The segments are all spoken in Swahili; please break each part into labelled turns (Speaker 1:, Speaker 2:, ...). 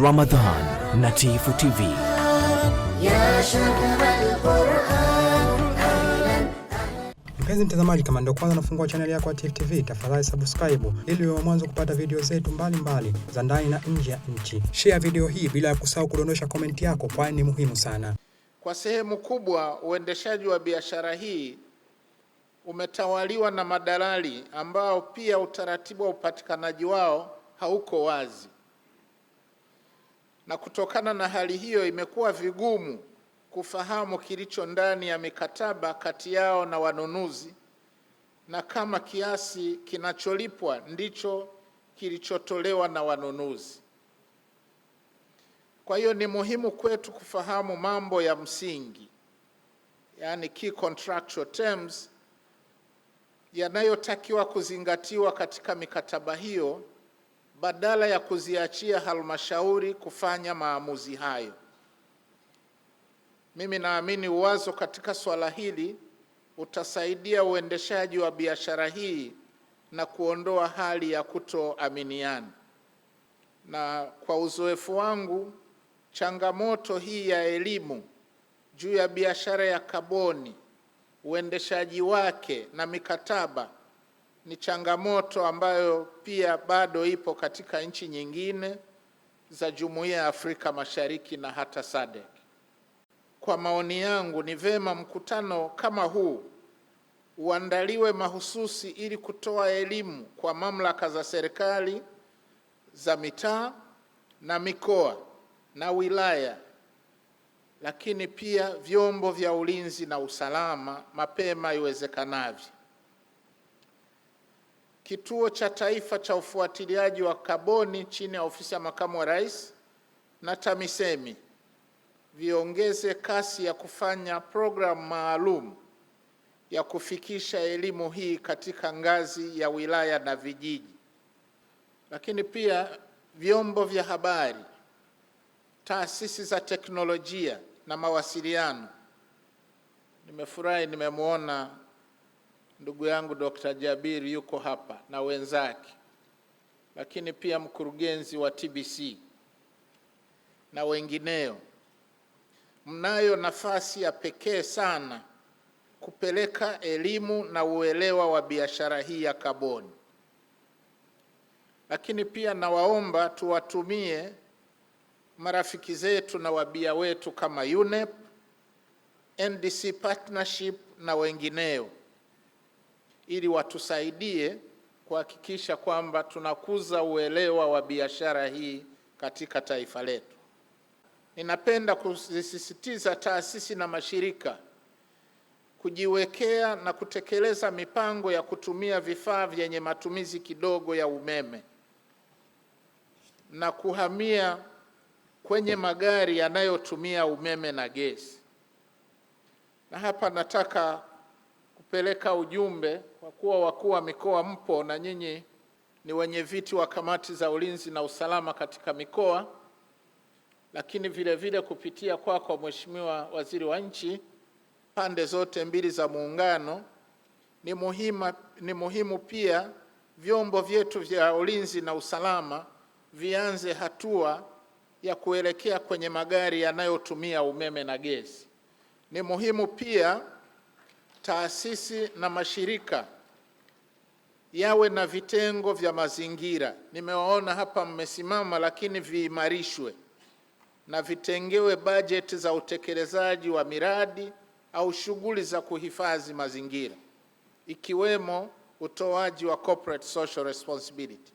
Speaker 1: Ramadan na Tifu TV.
Speaker 2: Mpenzi mtazamaji, kama ndio kwanza nafungua chaneli yako ya Tifu TV, tafadhali subscribe ili uwe mwanzo kupata video zetu mbalimbali za ndani na nje ya nchi. Share video hii bila ya kusahau kudondosha komenti yako, kwani ni muhimu sana.
Speaker 3: Kwa sehemu kubwa uendeshaji wa biashara hii umetawaliwa na madalali ambao pia utaratibu wa upatikanaji wao hauko wazi na kutokana na hali hiyo imekuwa vigumu kufahamu kilicho ndani ya mikataba kati yao na wanunuzi na kama kiasi kinacholipwa ndicho kilichotolewa na wanunuzi. Kwa hiyo ni muhimu kwetu kufahamu mambo ya msingi, yaani key contractual terms yanayotakiwa kuzingatiwa katika mikataba hiyo badala ya kuziachia halmashauri kufanya maamuzi hayo. Mimi naamini uwazo katika swala hili utasaidia uendeshaji wa biashara hii na kuondoa hali ya kutoaminiana. Na kwa uzoefu wangu, changamoto hii ya elimu juu ya biashara ya kaboni, uendeshaji wake na mikataba ni changamoto ambayo pia bado ipo katika nchi nyingine za Jumuiya ya Afrika Mashariki na hata SADC. Kwa maoni yangu, ni vema mkutano kama huu uandaliwe mahususi ili kutoa elimu kwa mamlaka za serikali za mitaa na mikoa na wilaya, lakini pia vyombo vya ulinzi na usalama mapema iwezekanavyo. Kituo cha Taifa cha Ufuatiliaji wa Kaboni chini ya Ofisi ya Makamu wa Rais na TAMISEMI viongeze kasi ya kufanya programu maalum ya kufikisha elimu hii katika ngazi ya wilaya na vijiji. Lakini pia vyombo vya habari, taasisi za teknolojia na mawasiliano. Nimefurahi nimemwona ndugu yangu Dr. Jabiri yuko hapa na wenzake, lakini pia mkurugenzi wa TBC na wengineo, mnayo nafasi ya pekee sana kupeleka elimu na uelewa wa biashara hii ya kaboni. Lakini pia nawaomba tuwatumie marafiki zetu na wabia wetu kama UNEP, NDC partnership na wengineo ili watusaidie kuhakikisha kwamba tunakuza uelewa wa biashara hii katika taifa letu. Ninapenda kuzisisitiza taasisi na mashirika kujiwekea na kutekeleza mipango ya kutumia vifaa vyenye matumizi kidogo ya umeme na kuhamia kwenye magari yanayotumia umeme na gesi. Na hapa nataka kupeleka ujumbe kwa kuwa wakuu wa mikoa mpo na nyinyi ni wenye viti wa kamati za ulinzi na usalama katika mikoa, lakini vile vile kupitia kwako kwa Mheshimiwa Waziri wa Nchi, pande zote mbili za muungano ni muhimu, ni muhimu pia vyombo vyetu vya ulinzi na usalama vianze hatua ya kuelekea kwenye magari yanayotumia umeme na gesi. Ni muhimu pia taasisi na mashirika yawe na vitengo vya mazingira. Nimewaona hapa mmesimama, lakini viimarishwe na vitengewe bajeti za utekelezaji wa miradi au shughuli za kuhifadhi mazingira, ikiwemo utoaji wa corporate social responsibility.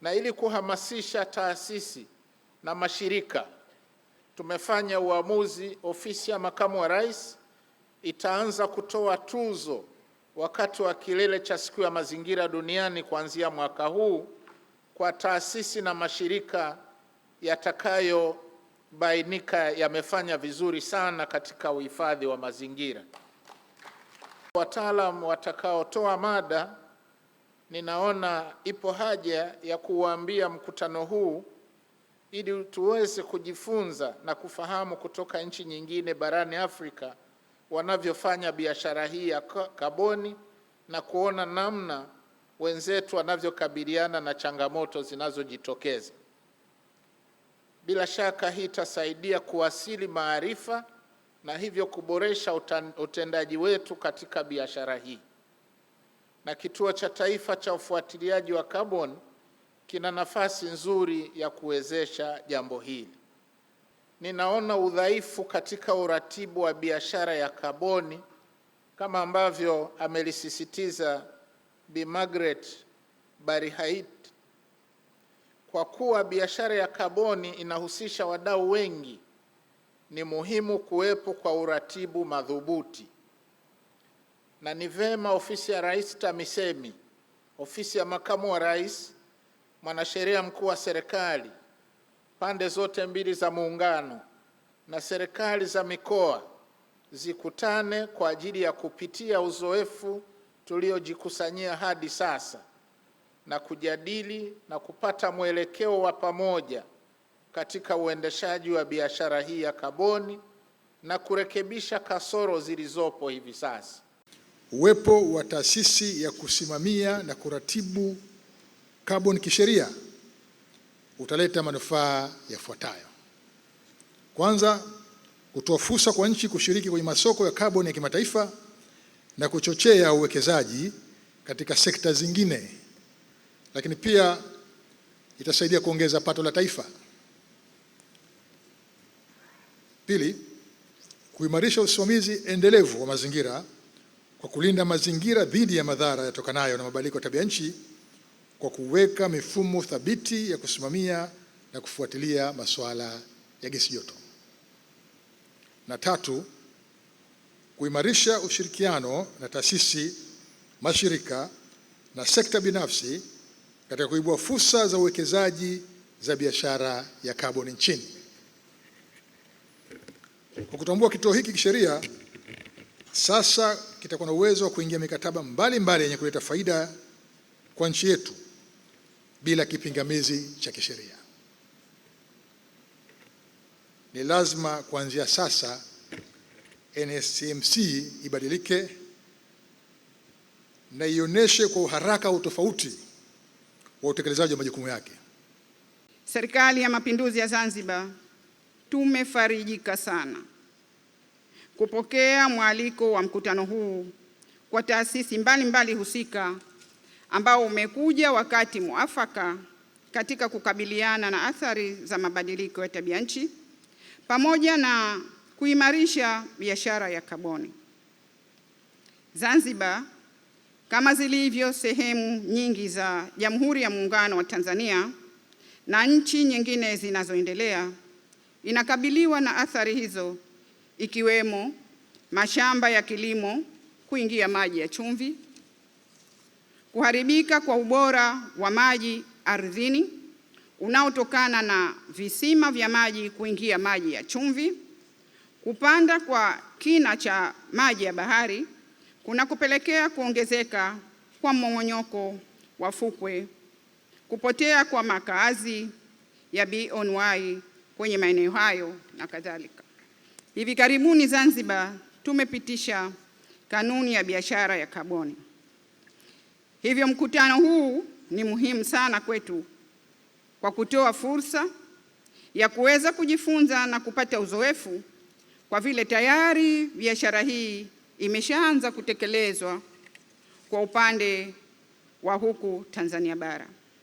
Speaker 3: Na ili kuhamasisha taasisi na mashirika, tumefanya uamuzi, ofisi ya makamu wa rais itaanza kutoa tuzo wakati wa kilele cha siku ya mazingira duniani kuanzia mwaka huu kwa taasisi na mashirika yatakayobainika yamefanya vizuri sana katika uhifadhi wa mazingira. Wataalamu watakaotoa mada, ninaona ipo haja ya kuwaambia mkutano huu ili tuweze kujifunza na kufahamu kutoka nchi nyingine barani Afrika wanavyofanya biashara hii ya kaboni na kuona namna wenzetu wanavyokabiliana na changamoto zinazojitokeza. Bila shaka hii itasaidia kuwasili maarifa na hivyo kuboresha utendaji wetu katika biashara hii. Na Kituo cha Taifa cha Ufuatiliaji wa Kaboni kina nafasi nzuri ya kuwezesha jambo hili ninaona udhaifu katika uratibu wa biashara ya kaboni kama ambavyo amelisisitiza Bi Margaret Barihait, kwa kuwa biashara ya kaboni inahusisha wadau wengi, ni muhimu kuwepo kwa uratibu madhubuti, na ni vema ofisi ya Rais TAMISEMI, ofisi ya makamu wa rais, mwanasheria mkuu wa serikali pande zote mbili za muungano na serikali za mikoa zikutane kwa ajili ya kupitia uzoefu tuliojikusanyia hadi sasa na kujadili na kupata mwelekeo wa pamoja katika uendeshaji wa biashara hii ya kaboni na kurekebisha kasoro zilizopo hivi sasa.
Speaker 4: Uwepo wa taasisi ya kusimamia na kuratibu kaboni kisheria utaleta manufaa yafuatayo. Kwanza, kutoa fursa kwa nchi kushiriki kwenye masoko ya kaboni ya kimataifa na kuchochea uwekezaji katika sekta zingine, lakini pia itasaidia kuongeza pato la taifa. Pili, kuimarisha usimamizi endelevu wa mazingira kwa kulinda mazingira dhidi ya madhara yatokanayo na mabadiliko ya tabia nchi kwa kuweka mifumo thabiti ya kusimamia na kufuatilia masuala ya gesi joto. Na tatu, kuimarisha ushirikiano na taasisi, mashirika na sekta binafsi katika kuibua fursa za uwekezaji za biashara ya kaboni nchini. Kwa kutambua kituo hiki kisheria, sasa kitakuwa na uwezo wa kuingia mikataba mbalimbali yenye mbali kuleta faida kwa nchi yetu bila kipingamizi cha kisheria. Ni lazima kuanzia sasa NSCMC ibadilike na ionyeshe kwa uharaka utofauti wa utekelezaji wa majukumu yake.
Speaker 5: Serikali ya Mapinduzi ya Zanzibar, tumefarijika sana kupokea mwaliko wa mkutano huu kwa taasisi mbalimbali mbali husika ambao umekuja wakati mwafaka katika kukabiliana na athari za mabadiliko ya tabia nchi pamoja na kuimarisha biashara ya kaboni. Zanzibar kama zilivyo sehemu nyingi za Jamhuri ya Muungano wa Tanzania na nchi nyingine zinazoendelea inakabiliwa na athari hizo ikiwemo mashamba ya kilimo kuingia maji ya chumvi kuharibika kwa ubora wa maji ardhini unaotokana na visima vya maji kuingia maji ya chumvi, kupanda kwa kina cha maji ya bahari kunakopelekea kuongezeka kwa mmomonyoko wa fukwe, kupotea kwa makazi ya bony kwenye maeneo hayo na kadhalika. Hivi karibuni Zanzibar tumepitisha kanuni ya biashara ya kaboni. Hivyo mkutano huu ni muhimu sana kwetu kwa kutoa fursa ya kuweza kujifunza na kupata uzoefu, kwa vile tayari biashara hii imeshaanza kutekelezwa kwa upande wa huku Tanzania bara.